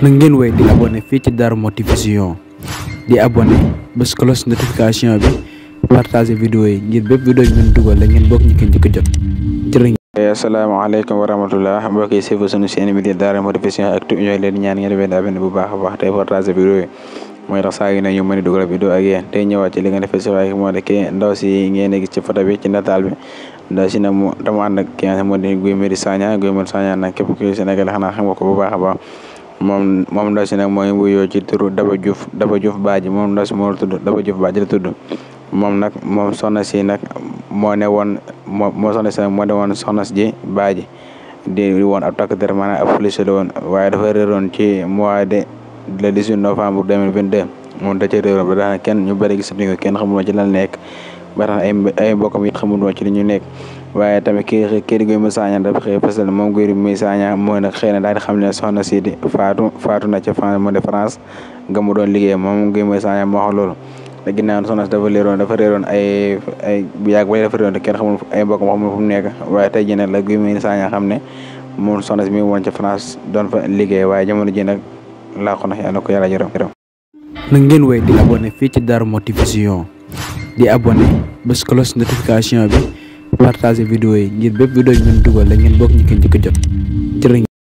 na ngeen di abonné fii ci Darou Motivation di abonné bés cloche notification bi partager vidéo yi ngir bépp vidéo yi ngeen dugal la ngeen bokk ñu ko jot jërë asalaamaaleykum wa rahmatullah mbokk yi sëfu sunu chaîne bi di Darou Motivation Actu ñooy leen ñaan ngeen benn abonné bu baax baax tey partager vidéo yi mooy tax saa yu ñu mën a vidéo ak yéen ñëwaat ci li nga ndaw si ngeen ci photo bi ci bi na dama ki nga di Guy Marius Sagna Guy Marius Sagna nag képp ku Sénégal xam ko bu baax baax moom moom ndaw si nag mooy wuyoo ci turu Daba Diouf Daba Diouf Badji moom ndaw si moo tudd Daba Diouf Badji la tudd moom nag moom soxna si nag moo ne woon moo moo soxna si nag moo ne woon soxna ji Badji di woon a takk der maanaam ab police la woon waaye dafa réeroon ci mois de le 18 novembre 2022 moom da ca réeroon ba daanaka kenn ñu bëri gisatuñu ko kenn xamul ma ci lan nekk ba tax ay ay ci li ñu nekk waaye tamit kii kii di Guy Marius Sagna dafa xëy fësal ne moom Guy Marius Sagna na daal di xam ne soxna si di faatu faatu na ca France mu moom Guy Marius Sagna moo wax loolu te ginnaaw soxna dafa réeroon dafa réeroon ay ay bu yàgg ba dafa réeroon te tey jii nag la Guy Marius Sagna xam ne moom soxna si mi woon ca France doon fa liggéey waaye jamono ji nag laa ko nax yàlla ko yàlla yërëm na ngeen wéy di abonné fii ci Darou Motivation di abonné bés cloche bi partager vidéo yi ngir bépp vidéo ñu mën dugal bokk ñu ko njëkk jot jërë